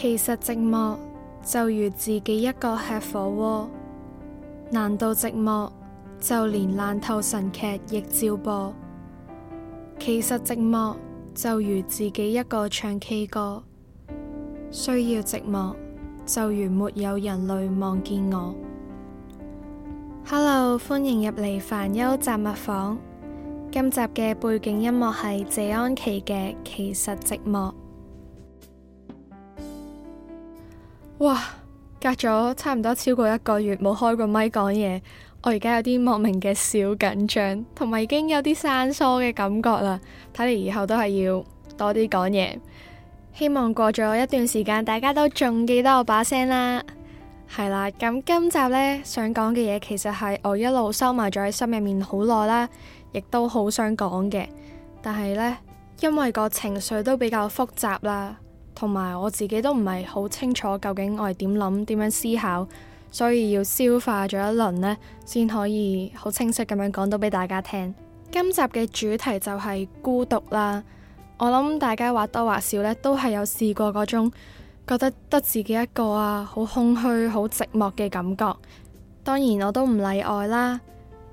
其實寂寞就如自己一個吃火鍋，難道寂寞就連爛透神劇亦照播。其實寂寞就如自己一個唱 K 歌，需要寂寞就如沒有人類望見我。Hello，歡迎入嚟煩憂雜物房。今集嘅背景音樂係謝安琪嘅《其實寂寞》。哇，隔咗差唔多超過一個月冇開過麥講嘢，我而家有啲莫名嘅小緊張，同埋已經有啲生疏嘅感覺啦。睇嚟以後都係要多啲講嘢，希望過咗一段時間，大家都仲記得我把聲啦。係啦，咁今集呢，想講嘅嘢，其實係我一路收埋咗喺心入面好耐啦，亦都好想講嘅，但係呢，因為個情緒都比較複雜啦。同埋我自己都唔係好清楚究竟，我係點諗點樣思考，所以要消化咗一輪呢，先可以好清晰咁樣講到俾大家聽。今集嘅主題就係孤獨啦。我諗大家或多或少呢，都係有試過嗰種覺得得自己一個啊，好空虛、好寂寞嘅感覺。當然我都唔例外啦。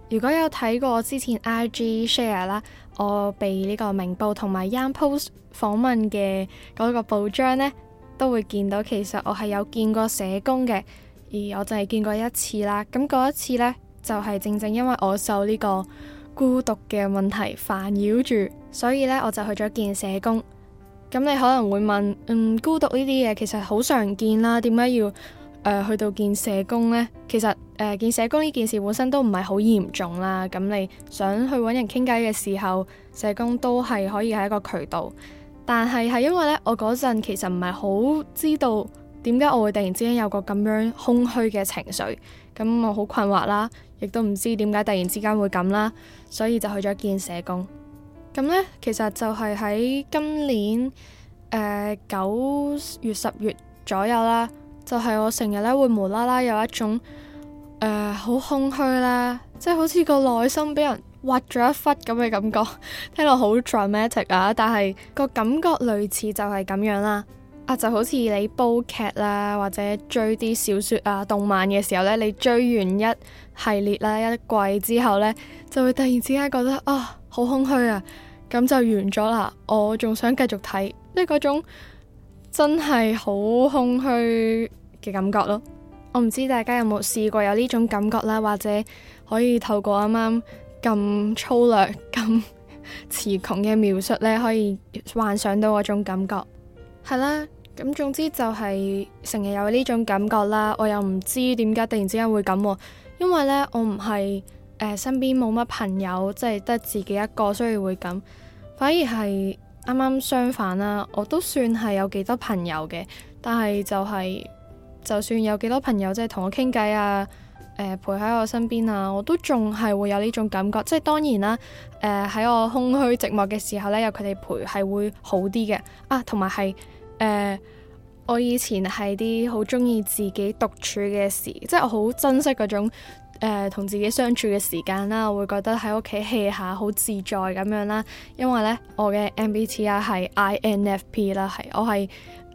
如果有睇過之前 IG share 啦。我被呢個明報同埋《Young Post》訪問嘅嗰個報章呢，都會見到其實我係有見過社工嘅，而我就係見過一次啦。咁嗰一次呢，就係、是、正正因為我受呢個孤獨嘅問題煩擾住，所以呢，我就去咗見社工。咁你可能會問，嗯，孤獨呢啲嘢其實好常見啦，點解要？誒去到見社工呢，其實誒呃、見社工呢件事本身都唔係好嚴重啦。咁你想去揾人傾偈嘅時候，社工都係可以係一個渠道。但係係因為呢，我嗰陣其實唔係好知道點解我會突然之間有個咁樣空虛嘅情緒，咁我好困惑啦，亦都唔知點解突然之間會咁啦，所以就去咗見社工。咁呢，其實就係喺今年誒呃、九月、十月左右啦。就係我成日咧會無啦啦有一種誒好、呃、空虛啦，即係好似個內心俾人挖咗一忽咁嘅感覺， 聽落好 dramatic 啊！但係個感覺類似就係咁樣啦，啊就好似你煲劇啦或者追啲小說啊、動漫嘅時候呢，你追完一系列啦，一季之後呢，就會突然之間覺得啊好空虛啊，咁、啊、就完咗啦，我仲想繼續睇，即係嗰種。真係好空虛嘅感覺咯，我唔知大家有冇試過有呢種感覺啦，或者可以透過啱啱咁粗略、咁詞窮嘅描述呢，可以幻想到嗰種感覺。係啦，咁總之就係成日有呢種感覺啦，我又唔知點解突然之間會咁啊，因為呢，我唔係誒身邊冇乜朋友，即係得自己一個，所以會咁，反而係。啱啱相反啦，我都算係有幾多朋友嘅，但係就係、是、就算有幾多朋友即係同我傾偈啊，誒、呃、陪喺我身邊啊，我都仲係會有呢種感覺。即係當然啦，誒、呃、喺我空虛寂寞嘅時候呢，有佢哋陪係會好啲嘅啊。同埋係誒，我以前係啲好中意自己獨處嘅事，即係我好珍惜嗰種誒同、呃、自己相處嘅時間啦，我會覺得喺屋企 hea 下好自在咁樣啦。因為呢，我嘅 MBTI 係 INFP 啦，係我係誒、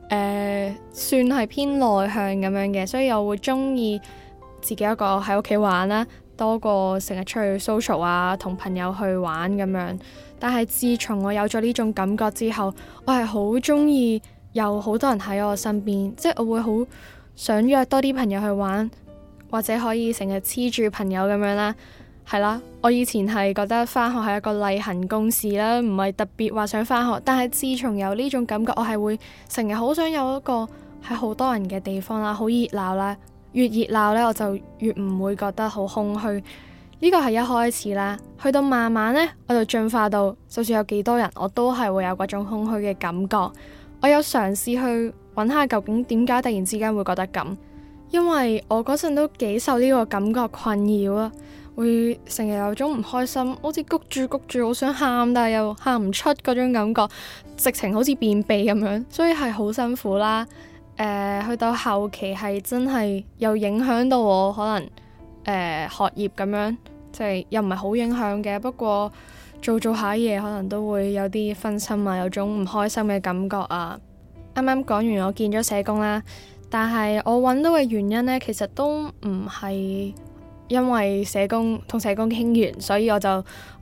呃、算係偏內向咁樣嘅，所以我會中意自己一個喺屋企玩啦，多過成日出去 social 啊，同朋友去玩咁樣。但係自從我有咗呢種感覺之後，我係好中意有好多人喺我身邊，即係我會好想約多啲朋友去玩。或者可以成日黐住朋友咁樣啦，係啦。我以前係覺得返學係一個例行公事啦，唔係特別話想返學。但係自從有呢種感覺，我係會成日好想有一個喺好多人嘅地方啦，好熱鬧啦，越熱鬧呢，我就越唔會覺得好空虛。呢個係一開始啦，去到慢慢呢，我就進化到，就算有幾多人，我都係會有嗰種空虛嘅感覺。我有嘗試去揾下究竟點解突然之間會覺得咁。因為我嗰陣都幾受呢個感覺困擾啊，會成日有種唔開心，好似谷住谷住好想喊，但係又喊唔出嗰種感覺，直情好似便秘咁樣，所以係好辛苦啦。誒、呃，去到後期係真係又影響到我可能誒、呃、學業咁樣，即係又唔係好影響嘅。不過做做下嘢可能都會有啲分心啊，有種唔開心嘅感覺啊。啱啱講完，我見咗社工啦。但係我揾到嘅原因呢，其實都唔係因為社工同社工傾完，所以我就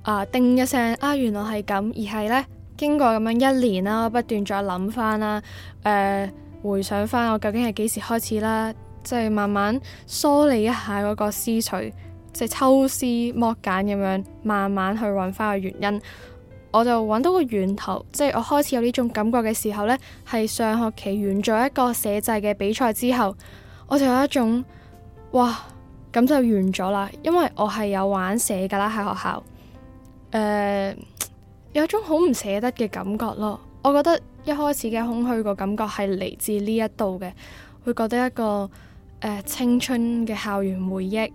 啊叮、呃、一聲啊，原來係咁，而係呢，經過咁樣一年啦，我不斷再諗翻啦，誒、呃、回想翻我究竟係幾時開始啦，即、就、係、是、慢慢梳理一下嗰個思緒，即、就、係、是、抽絲剝繭咁樣，慢慢去揾翻個原因。我就揾到個源頭，即係我開始有呢種感覺嘅時候呢，係上學期完咗一個寫製嘅比賽之後，我就有一種哇，咁就完咗啦，因為我係有玩寫噶啦喺學校，誒有一種好唔捨得嘅感覺咯。我覺得一開始嘅空虛個感覺係嚟自呢一度嘅，會覺得一個誒青春嘅校園回憶，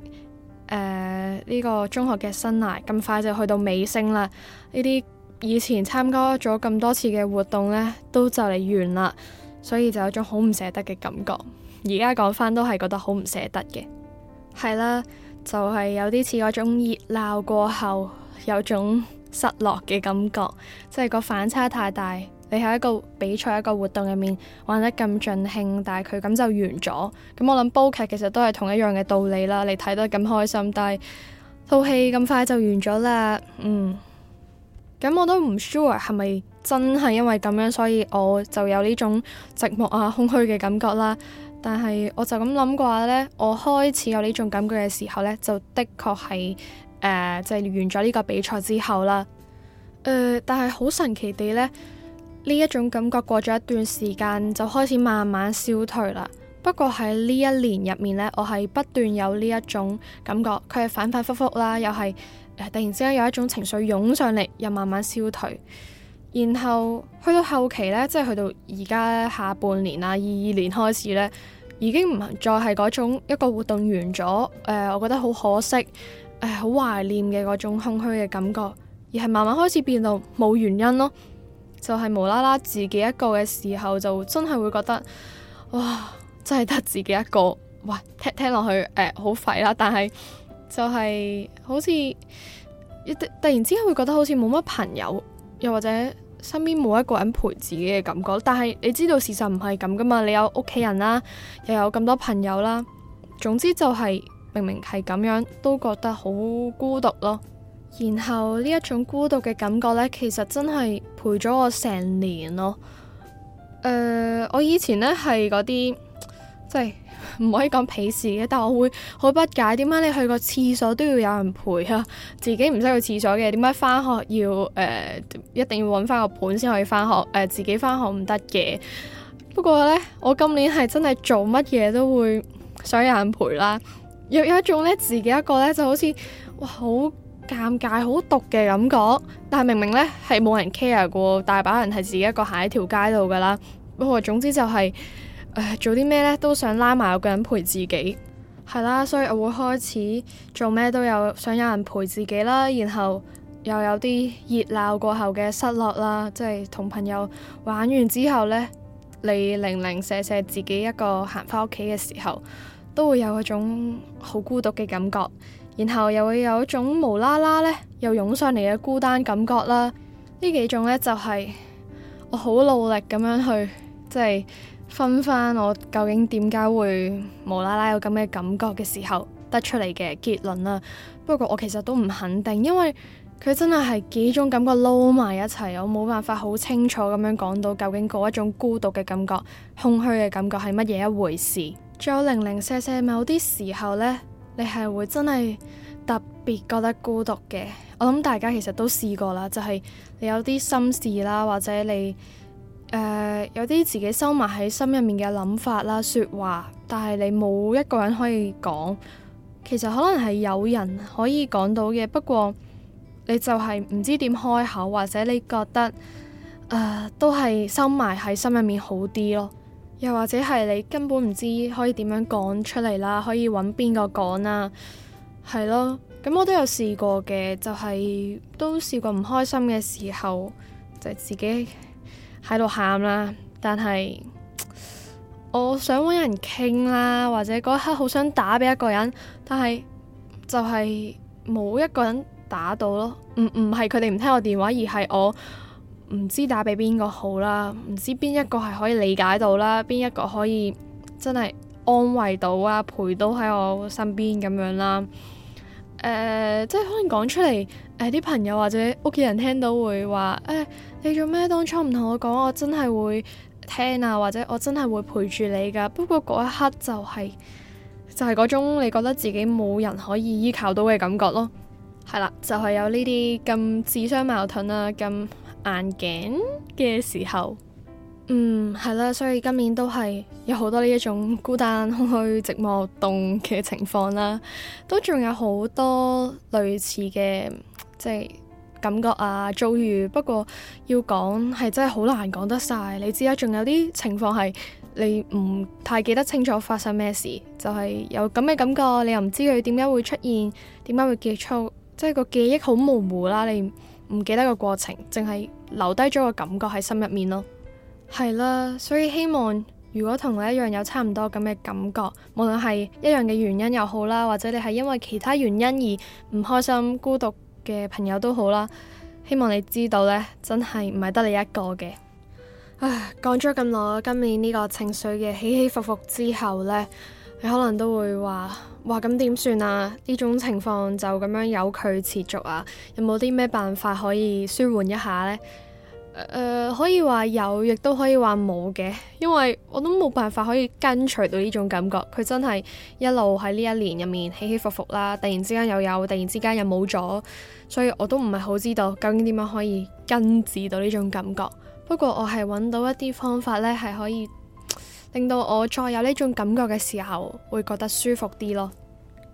誒呢個中學嘅生涯咁快就去到尾聲啦，呢啲。以前參加咗咁多次嘅活動呢，都就嚟完啦，所以就有種好唔捨得嘅感覺。而家講返都係覺得好唔捨得嘅，係啦，就係、是、有啲似嗰種熱鬧過後有種失落嘅感覺，即係個反差太大。你喺一個比賽、一個活動入面玩得咁盡興，但係佢咁就完咗。咁我諗煲劇其實都係同一樣嘅道理啦。你睇得咁開心，但係套戲咁快就完咗啦，嗯。咁我都唔 sure 係咪真係因為咁樣，所以我就有呢種寂寞啊、空虛嘅感覺啦。但係我就咁諗嘅話呢，我開始有呢種感覺嘅時候呢，就的確係誒，就係、是、完咗呢個比賽之後啦。呃、但係好神奇地呢，呢一種感覺過咗一段時間就開始慢慢消退啦。不過喺呢一年入面呢，我係不斷有呢一種感覺，佢係反反复复啦，又係。突然之間有一種情緒湧上嚟，又慢慢消退，然後去到後期呢，即係去到而家下半年啦，二二年開始呢，已經唔再係嗰種一個活動完咗，誒、呃，我覺得好可惜，誒、呃，好懷念嘅嗰種空虛嘅感覺，而係慢慢開始變到冇原因咯，就係、是、無啦啦自己一個嘅時候，就真係會覺得，哇，真係得自己一個，哇，聽聽落去，誒、呃，好廢啦，但係。就係好似突突然之間會覺得好似冇乜朋友，又或者身邊冇一個人陪自己嘅感覺。但係你知道事實唔係咁噶嘛？你有屋企人啦、啊，又有咁多朋友啦、啊。總之就係明明係咁樣，都覺得好孤獨咯。然後呢一種孤獨嘅感覺呢，其實真係陪咗我成年咯。誒、呃，我以前呢係嗰啲。即係唔可以講鄙視嘅，但我會好不解，點解你去個廁所都要有人陪啊？自己唔使去廁所嘅？點解翻學要誒、呃、一定要搵翻個伴先可以翻學？誒、呃、自己翻學唔得嘅。不過呢，我今年係真係做乜嘢都會想有人陪啦。又有一種呢，自己一個呢就好似哇好尷尬、好毒嘅感覺。但係明明呢係冇人 care 過，大把人係自己一個行喺條街度噶啦。不過總之就係、是。做啲咩呢？都想拉埋我個人陪自己，係啦，所以我會開始做咩都有想有人陪自己啦，然後又有啲熱鬧過後嘅失落啦，即係同朋友玩完之後呢，你零零舍舍自己一個行翻屋企嘅時候，都會有一種好孤獨嘅感覺，然後又會有一種無啦啦呢又湧上嚟嘅孤單感覺啦，呢幾種呢，就係我好努力咁樣去，即係。分翻我究竟點解會無啦啦有咁嘅感覺嘅時候得出嚟嘅結論啦。不過我其實都唔肯定，因為佢真係係幾種感覺撈埋一齊，我冇辦法好清楚咁樣講到究竟嗰一種孤獨嘅感覺、空虛嘅感覺係乜嘢一回事。仲有零零舍舍，某啲時候呢，你係會真係特別覺得孤獨嘅。我諗大家其實都試過啦，就係你有啲心事啦，或者你。誒，uh, 有啲自己收埋喺心入面嘅諗法啦，說話，但係你冇一個人可以講，其實可能係有人可以講到嘅，不過你就係唔知點開口，或者你覺得、uh, 都係收埋喺心入面好啲咯，又或者係你根本唔知可以點樣講出嚟啦，可以揾邊個講啦，係咯，咁我都有試過嘅，就係、是、都試過唔開心嘅時候就自己。喺度喊啦，但係我想搵人傾啦，或者嗰一刻好想打俾一個人，但係就係冇一個人打到咯。唔唔係佢哋唔聽我電話，而係我唔知打俾邊個好啦，唔知邊一個係可以理解到啦，邊一個可以真係安慰到啊，陪到喺我身邊咁樣啦。誒、呃，即係可能講出嚟，誒、呃、啲朋友或者屋企人聽到會話，誒、欸、你做咩當初唔同我講？我真係會聽啊，或者我真係會陪住你噶。不過嗰一刻就係、是、就係、是、嗰種你覺得自己冇人可以依靠到嘅感覺咯。係啦，就係、是、有呢啲咁自相矛盾啦、啊，咁硬頸嘅時候。嗯，係啦，所以今年都係有好多呢一種孤單、空虛、寂寞、凍嘅情況啦。都仲有好多類似嘅即係感覺啊、遭遇，不過要講係真係好難講得晒。你知啦，仲有啲情況係你唔太記得清楚發生咩事，就係、是、有咁嘅感覺，你又唔知佢點解會出現，點解會結束，即係個記憶好模糊啦。你唔記得個過程，淨係留低咗個感覺喺心入面咯。係啦，所以希望如果同我一樣有差唔多咁嘅感覺，無論係一樣嘅原因又好啦，或者你係因為其他原因而唔開心、孤獨嘅朋友都好啦，希望你知道呢，真係唔係得你一個嘅。唉，講咗咁耐，今年呢個情緒嘅起起伏伏之後呢，你可能都會話：哇，咁點算啊？呢種情況就咁樣由佢持續啊？有冇啲咩辦法可以舒緩一下呢？誒，uh, 可以話有，亦都可以話冇嘅，因為我都冇辦法可以跟隨到呢種感覺。佢真係一路喺呢一年入面起起伏伏啦，突然之間又有，突然之間又冇咗，所以我都唔係好知道究竟點樣可以根治到呢種感覺。不過我係揾到一啲方法呢，係可以令到我再有呢種感覺嘅時候會覺得舒服啲咯。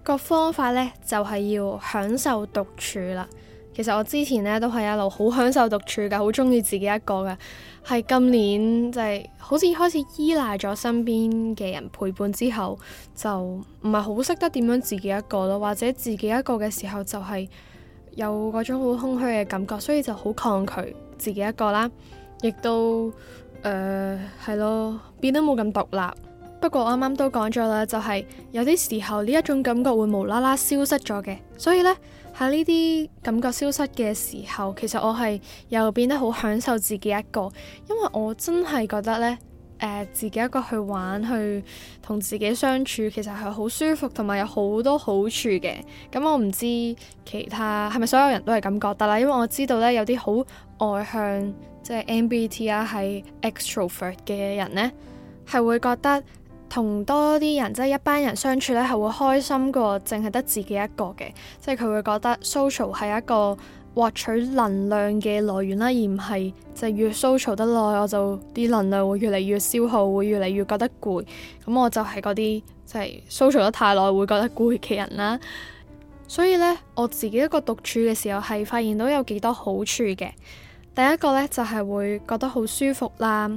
個方法呢，就係要享受獨處啦。其實我之前咧都係一路好享受獨處噶好中意自己一個噶。係今年就係、是、好似開始依賴咗身邊嘅人陪伴之後，就唔係好識得點樣自己一個咯，或者自己一個嘅時候就係有嗰種好空虛嘅感覺，所以就好抗拒自己一個啦。亦都誒係、呃、咯，變得冇咁獨立。不過我啱啱都講咗啦，就係、是、有啲時候呢一種感覺會無啦啦消失咗嘅，所以呢。喺呢啲感覺消失嘅時候，其實我係又變得好享受自己一個，因為我真係覺得呢，誒、呃、自己一個去玩去同自己相處，其實係好舒服同埋有好多好處嘅。咁、嗯、我唔知其他係咪所有人都係咁覺得啦，因為我知道呢，有啲好外向即係 MBT 啊，係、就是、extrovert 嘅人呢，係會覺得，同多啲人即係、就是、一班人相處咧，係會開心過淨係得自己一個嘅，即係佢會覺得 social 係一個獲取能量嘅來源啦，而唔係就係越 social 得耐我就啲能量會越嚟越消耗，會越嚟越覺得攰。咁我就係嗰啲即係 social 得太耐會覺得攰嘅人啦。所以呢，我自己一個獨處嘅時候係發現到有幾多好處嘅。第一個呢，就係、是、會覺得好舒服啦。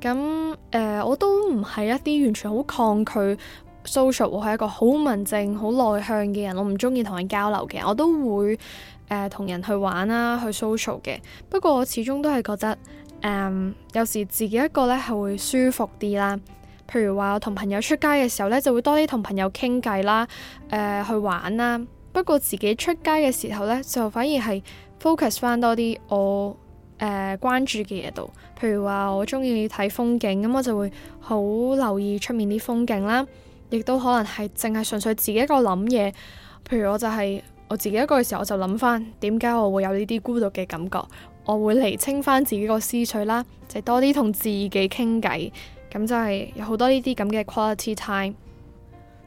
咁誒、呃，我都唔係一啲完全好抗拒 social，我係一個好文靜、好內向嘅人。我唔中意同人交流嘅，我都會誒同、呃、人去玩啦，去 social 嘅。不過我始終都係覺得誒、呃，有時自己一個呢係會舒服啲啦。譬如話我同朋友出街嘅時候呢，就會多啲同朋友傾偈啦，誒、呃、去玩啦。不過自己出街嘅時候呢，就反而係 focus 翻多啲我。誒、呃，關注嘅嘢度，譬如話我中意睇風景，咁我就會好留意出面啲風景啦。亦都可能係淨係純粹自己一個諗嘢，譬如我就係、是、我自己一個嘅時候，我就諗翻點解我會有呢啲孤獨嘅感覺，我會釐清翻自己個思緒啦，就是、多啲同自己傾偈，咁就係有好多呢啲咁嘅 quality time。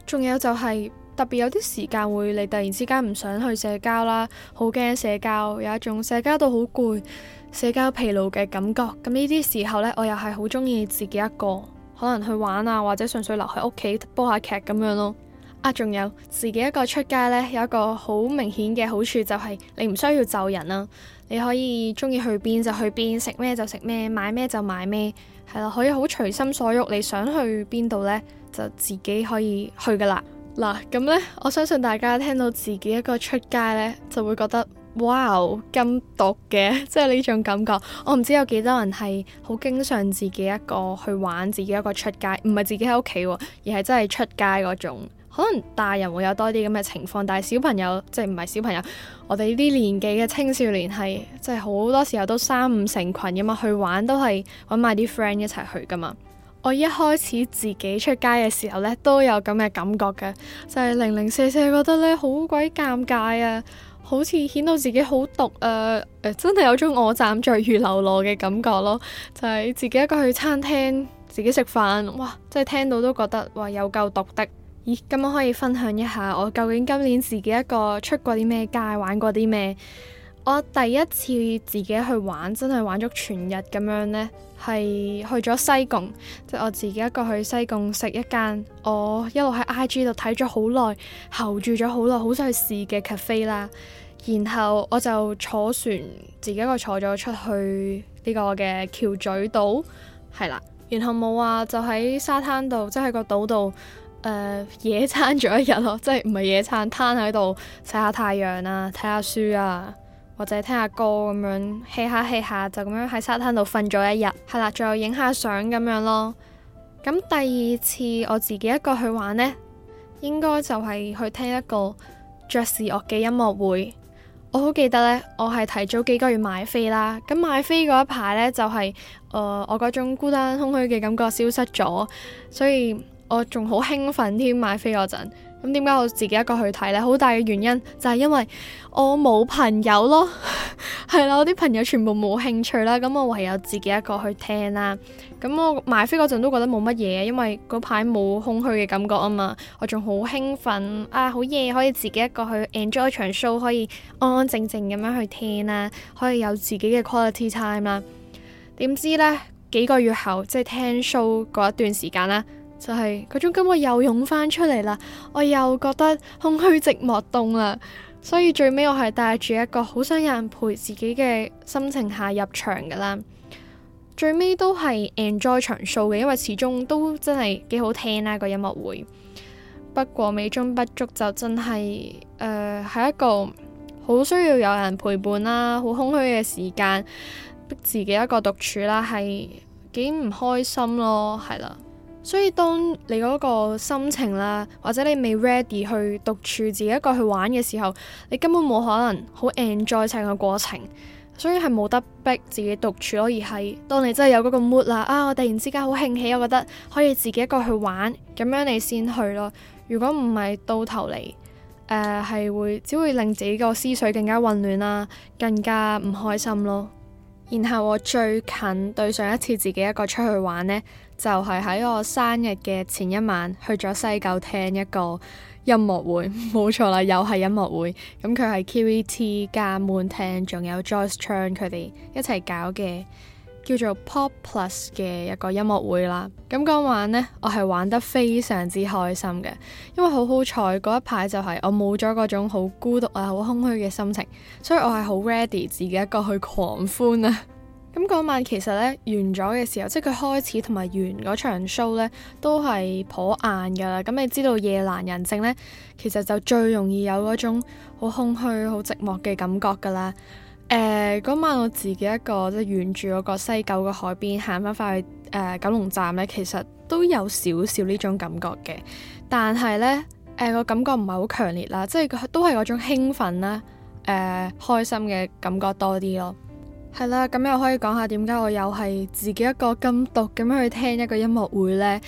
仲有就係、是、特別有啲時間會你突然之間唔想去社交啦，好驚社交，有一種社交到好攰。社交疲勞嘅感覺，咁呢啲時候呢，我又係好中意自己一個，可能去玩啊，或者純粹留喺屋企煲下劇咁樣咯。啊，仲有自己一個出街呢，有一個好明顯嘅好處就係、是、你唔需要就人啊，你可以中意去邊就去邊，食咩就食咩，買咩就買咩，係啦，可以好隨心所欲，你想去邊度呢，就自己可以去噶啦。嗱、啊，咁呢，我相信大家聽到自己一個出街呢，就會覺得。哇！咁、wow，毒嘅，即係呢種感覺。我唔知有幾多人係好經常自己一個去玩，自己一個出街，唔係自己喺屋企喎，而係真係出街嗰種。可能大人會有多啲咁嘅情況，但係小朋友即係唔係小朋友，我哋呢啲年紀嘅青少年係即係好多時候都三五成群，噶嘛，去玩都係揾埋啲 friend 一齊去噶嘛。我一開始自己出街嘅時候呢，都有咁嘅感覺嘅，就係、是、零零舍舍覺得呢，好鬼尷尬啊！好似顯到自己好獨啊！誒、呃，真係有種我站在雨流羅嘅感覺咯，就係、是、自己一個去餐廳自己食飯，哇！真係聽到都覺得哇有夠毒的。咦，今晚可以分享一下我究竟今年自己一個出過啲咩街，玩過啲咩？我第一次自己去玩，真係玩足全日咁樣呢，係去咗西貢，即、就、係、是、我自己一個去西貢食一間我一路喺 IG 度睇咗好耐，睺住咗好耐，好想去試嘅 cafe 啦。然後我就坐船自己一個坐咗出去呢個嘅橋咀島係啦。然後冇話、啊、就喺沙灘度，即係喺個島度誒、呃、野餐咗一日咯，即係唔係野餐，攤喺度曬下太陽啊，睇下書啊，或者聽下歌咁樣，戲下戲下就咁樣喺沙灘度瞓咗一日係啦，再影下相咁樣咯。咁第二次我自己一個去玩呢，應該就係去聽一個爵士樂嘅音樂會。我好記得呢，我係提早幾個月買飛啦，咁買飛嗰一排呢，就係、是，誒、呃、我嗰種孤單空虛嘅感覺消失咗，所以我仲好興奮添買飛嗰陣。咁點解我自己一個去睇呢？好大嘅原因就係因為我冇朋友咯，係啦，我啲朋友全部冇興趣啦，咁我唯有自己一個去聽啦。咁我買飛嗰陣都覺得冇乜嘢，因為嗰排冇空虛嘅感覺啊嘛，我仲好興奮啊，好嘢可以自己一個去 enjoy 場 show，可以安安靜靜咁樣去聽啦，可以有自己嘅 quality time 啦。點知呢，幾個月後，即係聽 show 嗰一段時間啦。就係、是、嗰種感覺又湧翻出嚟啦，我又覺得空虛、寂寞、凍啦，所以最尾我係帶住一個好想有人陪自己嘅心情下入場噶啦。最尾都係 enjoy 場 show 嘅，因為始終都真係幾好聽啦個音樂會。不過美中不足就真係誒係一個好需要有人陪伴啦，好空虛嘅時間逼自己一個獨處啦，係幾唔開心咯，係啦。所以當你嗰個心情啦，或者你未 ready 去獨處自己一個去玩嘅時候，你根本冇可能好 enjoy 成個過程。所以係冇得逼自己獨處咯，而係當你真係有嗰個 mood 啦，啊，我突然之間好興起，我覺得可以自己一個去玩，咁樣你先去咯。如果唔係，到頭嚟，誒，係會，只會令自己個思緒更加混亂啦，更加唔開心咯。然後我最近對上一次自己一個出去玩呢。就係喺我生日嘅前一晚，去咗西九廳聽一個音樂會，冇 錯啦，又係音樂會。咁佢係 Q.E.T. 加 Moon 聽，仲有 Joyce Chan 佢哋一齊搞嘅，叫做 Pop Plus 嘅一個音樂會啦。咁當晚呢，我係玩得非常之開心嘅，因為好好彩嗰一排就係我冇咗嗰種好孤獨啊、好空虛嘅心情，所以我係好 ready 自己一個去狂歡啊！咁嗰晚其實呢，完咗嘅時候，即係佢開始同埋完嗰場 show 呢，都係頗晏噶啦。咁你知道夜闌人靜呢，其實就最容易有嗰種好空虛、好寂寞嘅感覺噶啦。誒、呃、嗰、那個、晚我自己一個即係沿住嗰個西九個海邊行翻返去誒、呃、九龍站呢，其實都有少少呢種感覺嘅，但係呢，誒、呃嗰個感覺唔係好強烈啦，即係都係嗰種興奮啦、誒、呃、開心嘅感覺多啲咯。係啦，咁又可以講下點解我又係自己一個咁毒咁樣去聽一個音樂會呢？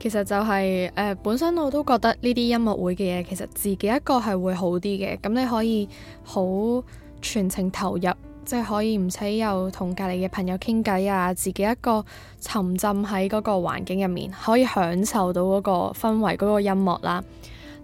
其實就係、是、誒、呃，本身我都覺得呢啲音樂會嘅嘢，其實自己一個係會好啲嘅。咁你可以好全程投入，即、就、係、是、可以唔使又同隔籬嘅朋友傾偈啊，自己一個沉浸喺嗰個環境入面，可以享受到嗰個氛圍嗰、那個音樂啦。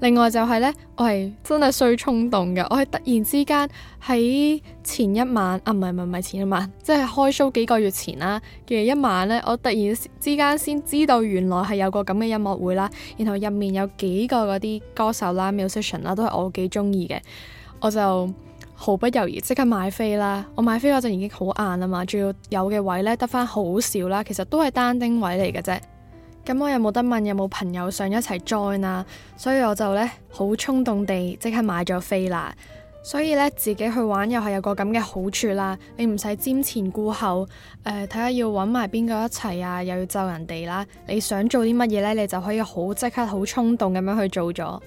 另外就係呢，我係真係衰衝動嘅，我係突然之間喺前一晚啊，唔係唔係唔係前一晚，即係開 show 幾個月前啦、啊、嘅一晚呢，我突然之間先知道原來係有個咁嘅音樂會啦，然後入面有幾個嗰啲歌手啦、musician 啦都係我幾中意嘅，我就毫不猶豫即刻買飛啦，我買飛嗰陣已經好晏啦嘛，仲要有嘅位呢，得返好少啦，其實都係單丁位嚟嘅啫。咁我又冇得問有冇朋友想一齊 join 啊？所以我就呢好衝動地即刻買咗飛啦。所以呢，自己去玩又係有個咁嘅好處啦。你唔使瞻前顧後，呃，睇下要揾埋邊個一齊啊，又要就人哋啦。你想做啲乜嘢呢？你就可以好即刻好衝動咁樣去做咗。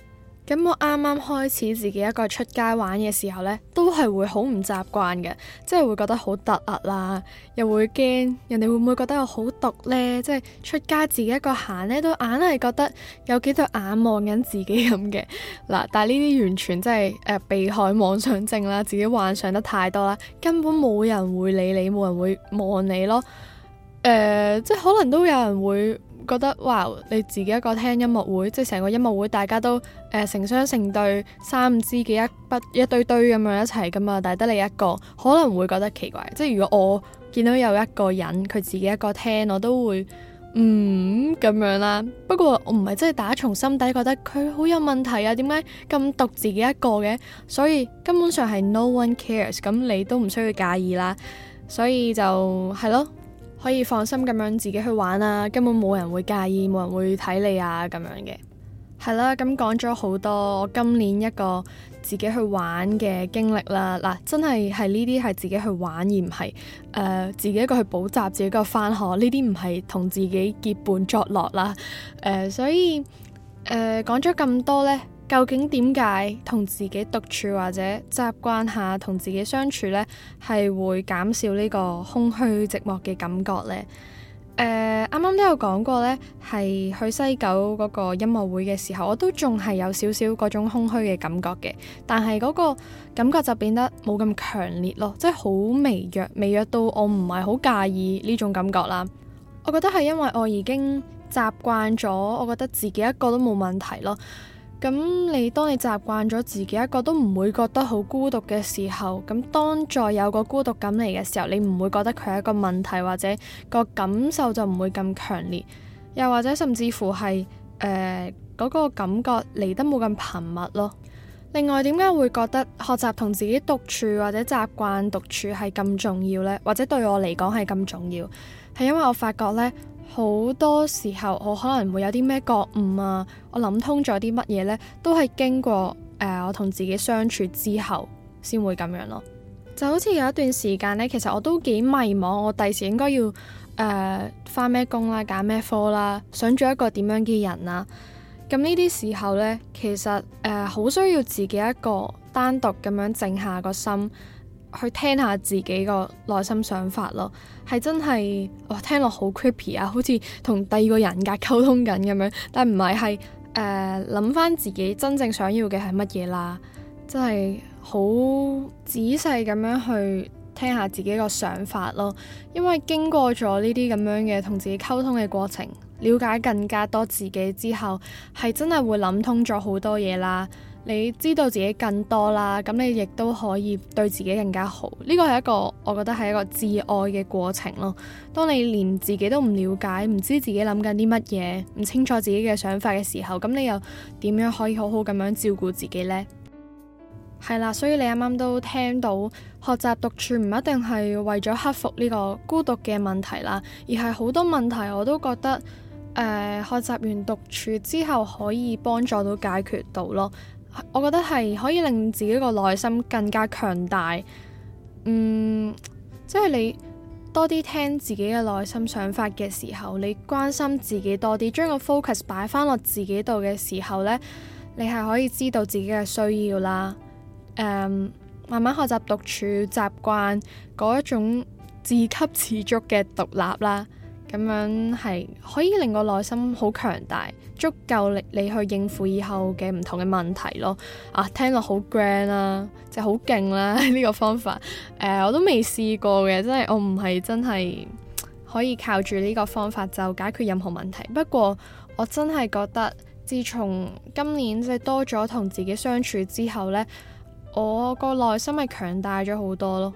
咁我啱啱開始自己一個出街玩嘅時候呢，都係會好唔習慣嘅，即係會覺得好突兀啦，又會驚人哋會唔會覺得我好毒呢？即係出街自己一個行呢，都硬係覺得有幾對眼望緊自己咁嘅。嗱，但係呢啲完全即係誒被害妄想症啦，自己幻想得太多啦，根本冇人會理你，冇人會望你咯。誒、呃，即係可能都有人會。覺得哇，你自己一個聽音樂會，即係成個音樂會，大家都誒、呃、成雙成對、三五知己一不一堆堆咁樣一齊噶嘛，但係得你一個，可能會覺得奇怪。即係如果我見到有一個人佢自己一個聽，我都會嗯咁樣啦。不過我唔係真係打從心底覺得佢好有問題啊，點解咁獨自己一個嘅？所以根本上係 no one cares，咁你都唔需要介意啦。所以就係咯。可以放心咁樣自己去玩啦，根本冇人會介意，冇人會睇你啊咁樣嘅，係啦，咁講咗好多今年一個自己去玩嘅經歷啦，嗱，真係係呢啲係自己去玩而唔係誒自己一個去補習，自己一個翻學呢啲唔係同自己結伴作樂啦，誒、呃、所以誒講咗咁多呢。究竟點解同自己獨處或者習慣下同自己相處呢？係會減少呢個空虛寂寞嘅感覺呢？誒，啱啱都有講過，呢係去西九嗰個音樂會嘅時候，我都仲係有少少嗰種空虛嘅感覺嘅，但係嗰個感覺就變得冇咁強烈咯，即係好微弱，微弱到我唔係好介意呢種感覺啦。我覺得係因為我已經習慣咗，我覺得自己一個都冇問題咯。咁你當你習慣咗自己一個都唔會覺得好孤獨嘅時候，咁當再有個孤獨感嚟嘅時候，你唔會覺得佢係一個問題或者個感受就唔會咁強烈，又或者甚至乎係誒嗰個感覺嚟得冇咁頻密咯。另外，點解會覺得學習同自己獨處或者習慣獨處係咁重要呢？或者對我嚟講係咁重要，係因為我發覺呢。好多時候我可能會有啲咩覺悟啊，我諗通咗啲乜嘢呢，都係經過誒、呃、我同自己相處之後先會咁樣咯。就好似有一段時間呢，其實我都幾迷茫，我第時應該要誒返咩工啦，揀咩科啦，想做一個點樣嘅人啦，啊。咁呢啲時候呢，其實誒好、呃、需要自己一個單獨咁樣靜下個心。去聽下自己個內心想法咯，係真係哇、哦、聽落 cre 好 creepy 啊，好似同第二個人格溝通緊咁樣，但唔係，係誒諗翻自己真正想要嘅係乜嘢啦，真係好仔細咁樣去聽下自己個想法咯，因為經過咗呢啲咁樣嘅同自己溝通嘅過程，了解更加多自己之後，係真係會諗通咗好多嘢啦。你知道自己更多啦，咁你亦都可以對自己更加好。呢個係一個我覺得係一個自愛嘅過程咯。當你連自己都唔了解，唔知自己諗緊啲乜嘢，唔清楚自己嘅想法嘅時候，咁你又點樣可以好好咁樣照顧自己呢？係 啦，所以你啱啱都聽到學習獨處唔一定係為咗克服呢個孤獨嘅問題啦，而係好多問題我都覺得誒、呃、學習完獨處之後可以幫助到解決到咯。我覺得係可以令自己個內心更加強大。嗯，即係你多啲聽自己嘅內心想法嘅時候，你關心自己多啲，將個 focus 擺翻落自己度嘅時候呢，你係可以知道自己嘅需要啦。誒、嗯，慢慢學習獨處，習慣嗰一種自給自足嘅獨立啦。咁樣係可以令個內心好強大，足夠力你去應付以後嘅唔同嘅問題咯。啊，聽落好 grand 啦，啊，就好勁啦，呢個方法。誒、呃，我都未試過嘅，真係我唔係真係可以靠住呢個方法就解決任何問題。不過我真係覺得，自從今年即係多咗同自己相處之後呢，我個內心係強大咗好多咯。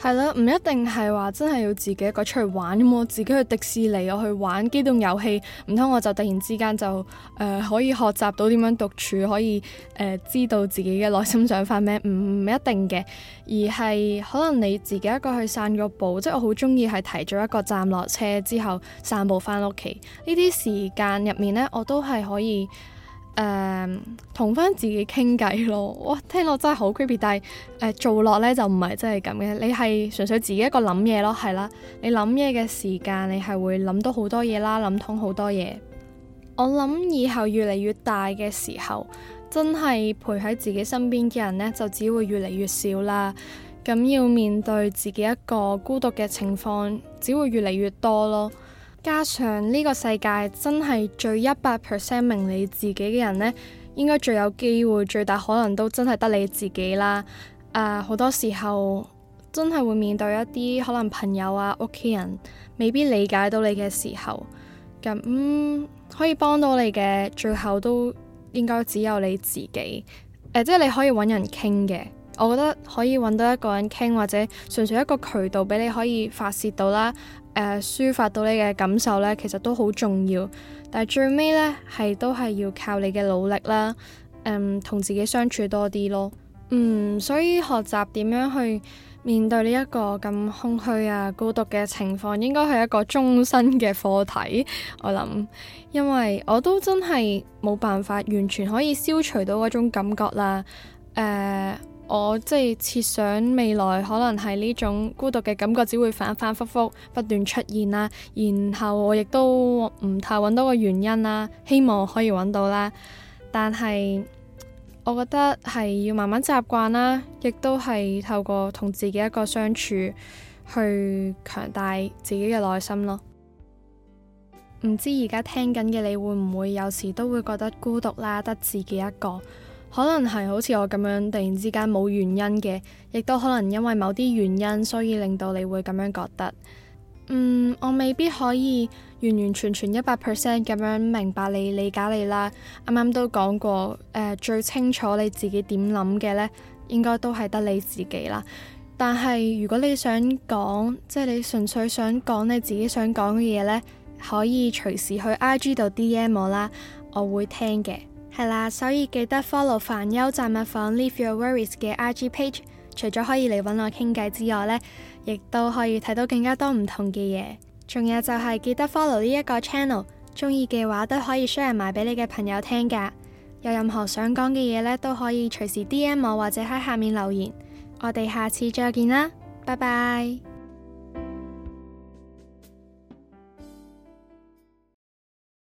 係咯，唔一定係話真係要自己一個出去玩咁，我自己去迪士尼，我去玩機動遊戲，唔通我就突然之間就誒、呃、可以學習到點樣獨處，可以誒、呃、知道自己嘅內心想法咩？唔唔一定嘅，而係可能你自己一個去散個步，即係我好中意係提早一個站落車之後散步翻屋企呢啲時間入面呢，我都係可以。誒，同翻、um, 自己傾偈咯，哇，聽落真係好 creepy，但係、呃、做落呢就唔係真係咁嘅，你係純粹自己一個諗嘢咯，係啦，你諗嘢嘅時間你係會諗到好多嘢啦，諗通好多嘢。我諗以後越嚟越大嘅時候，真係陪喺自己身邊嘅人呢，就只會越嚟越少啦，咁要面對自己一個孤獨嘅情況只會越嚟越多咯。加上呢個世界真係最一百 percent 明你自己嘅人呢，應該最有機會、最大可能都真係得你自己啦。誒、呃，好多時候真係會面對一啲可能朋友啊、屋企人未必理解到你嘅時候，咁、嗯、可以幫到你嘅，最後都應該只有你自己。誒、呃，即係你可以揾人傾嘅，我覺得可以揾到一個人傾，或者純粹一個渠道俾你可以發洩到啦。誒、呃，抒發到你嘅感受呢，其實都好重要。但係最尾呢，係都係要靠你嘅努力啦。同、嗯、自己相處多啲咯。嗯，所以學習點樣去面對呢一個咁空虛啊、孤獨嘅情況，應該係一個終身嘅課題。我諗，因為我都真係冇辦法完全可以消除到嗰種感覺啦。誒、呃。我即係設想未來可能係呢種孤獨嘅感覺只會反反复覆不斷出現啦，然後我亦都唔太揾到個原因啦，希望可以揾到啦。但係我覺得係要慢慢習慣啦，亦都係透過同自己一個相處去強大自己嘅內心咯。唔知而家聽緊嘅你會唔會有時都會覺得孤獨啦，得自己一個。可能係好似我咁樣突然之間冇原因嘅，亦都可能因為某啲原因，所以令到你會咁樣覺得。嗯，我未必可以完完全全一百 percent 咁樣明白你、理解你啦。啱啱都講過，呃，最清楚你自己點諗嘅呢，應該都係得你自己啦。但係如果你想講，即係你純粹想講你自己想講嘅嘢呢，可以隨時去 I G 度 D M 我啦，我會聽嘅。係啦，所以記得 follow 煩憂雜物房 Leave Your Worries 嘅 IG page，除咗可以嚟揾我傾偈之外呢，亦都可以睇到更加多唔同嘅嘢。仲有就係記得 follow 呢一個 channel，中意嘅話都可以 share 埋俾你嘅朋友聽噶。有任何想講嘅嘢呢，都可以隨時 DM 我或者喺下面留言。我哋下次再見啦，拜拜。